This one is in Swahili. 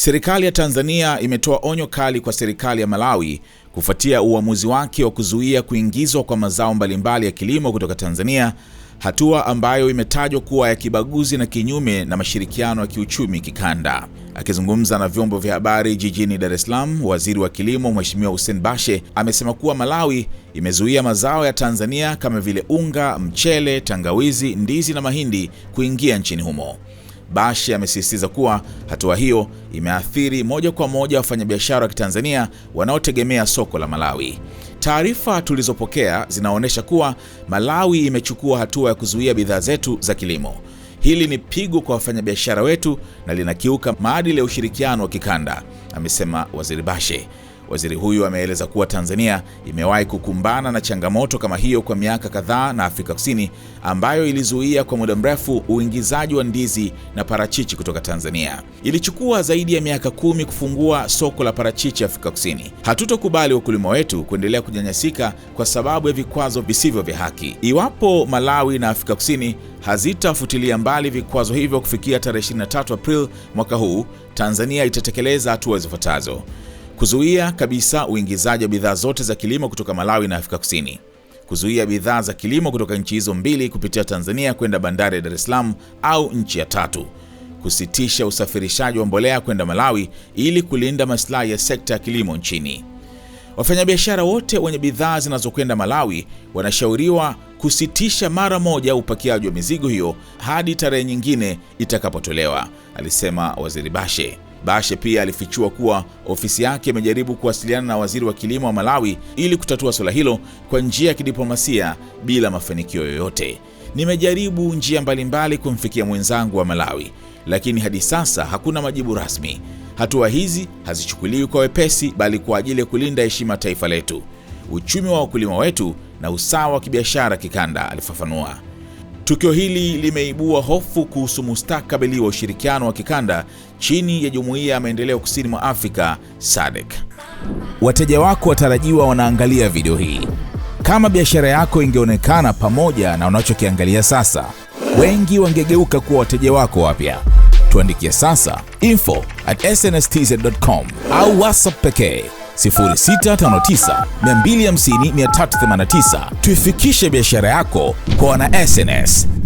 Serikali ya Tanzania imetoa onyo kali kwa serikali ya Malawi kufuatia uamuzi wake wa kuzuia kuingizwa kwa mazao mbalimbali ya kilimo kutoka Tanzania, hatua ambayo imetajwa kuwa ya kibaguzi na kinyume na mashirikiano ya kiuchumi kikanda. Akizungumza na vyombo vya habari jijini Dar es Salaam, waziri wa kilimo Mheshimiwa Hussein Bashe amesema kuwa Malawi imezuia mazao ya Tanzania kama vile unga, mchele, tangawizi, ndizi na mahindi kuingia nchini humo. Bashe amesisitiza kuwa hatua hiyo imeathiri moja kwa moja wafanyabiashara wa Kitanzania wanaotegemea soko la Malawi. Taarifa tulizopokea zinaonyesha kuwa Malawi imechukua hatua ya kuzuia bidhaa zetu za kilimo. Hili ni pigo kwa wafanyabiashara wetu na linakiuka maadili ya ushirikiano wa kikanda, amesema Waziri Bashe. Waziri huyu ameeleza kuwa Tanzania imewahi kukumbana na changamoto kama hiyo kwa miaka kadhaa na Afrika Kusini ambayo ilizuia kwa muda mrefu uingizaji wa ndizi na parachichi kutoka Tanzania. Ilichukua zaidi ya miaka kumi kufungua soko la parachichi Afrika Kusini. Hatutokubali wakulima wetu kuendelea kunyanyasika kwa sababu ya vikwazo visivyo vya haki. Iwapo Malawi na Afrika Kusini hazitafutilia mbali vikwazo hivyo kufikia tarehe 23 Aprili mwaka huu, Tanzania itatekeleza hatua zifuatazo kuzuia kabisa uingizaji wa bidhaa zote za kilimo kutoka Malawi na Afrika Kusini, kuzuia bidhaa za kilimo kutoka nchi hizo mbili kupitia Tanzania kwenda bandari ya Dar es Salaam au nchi ya tatu, kusitisha usafirishaji wa mbolea kwenda Malawi ili kulinda maslahi ya sekta ya kilimo nchini. Wafanyabiashara wote wenye bidhaa zinazokwenda Malawi wanashauriwa kusitisha mara moja upakiaji wa mizigo hiyo hadi tarehe nyingine itakapotolewa, alisema Waziri Bashe. Bashe pia alifichua kuwa ofisi yake imejaribu kuwasiliana na waziri wa kilimo wa Malawi ili kutatua suala hilo kwa njia ya kidiplomasia bila mafanikio yoyote. Nimejaribu njia mbalimbali kumfikia mwenzangu wa Malawi, lakini hadi sasa hakuna majibu rasmi. Hatua hizi hazichukuliwi kwa wepesi, bali kwa ajili ya kulinda heshima taifa letu, uchumi wa wakulima wetu na usawa wa kibiashara kikanda, alifafanua. Tukio hili limeibua hofu kuhusu mustakabali wa ushirikiano wa kikanda chini ya Jumuiya ya Maendeleo Kusini mwa Afrika SADC. Wateja wako watarajiwa wanaangalia video hii. Kama biashara yako ingeonekana pamoja na unachokiangalia sasa, wengi wangegeuka kuwa wateja wako wapya. Tuandikie sasa info at snstz.com au WhatsApp pekee 0659 Tuifikishe biashara yako kwa wana SnS.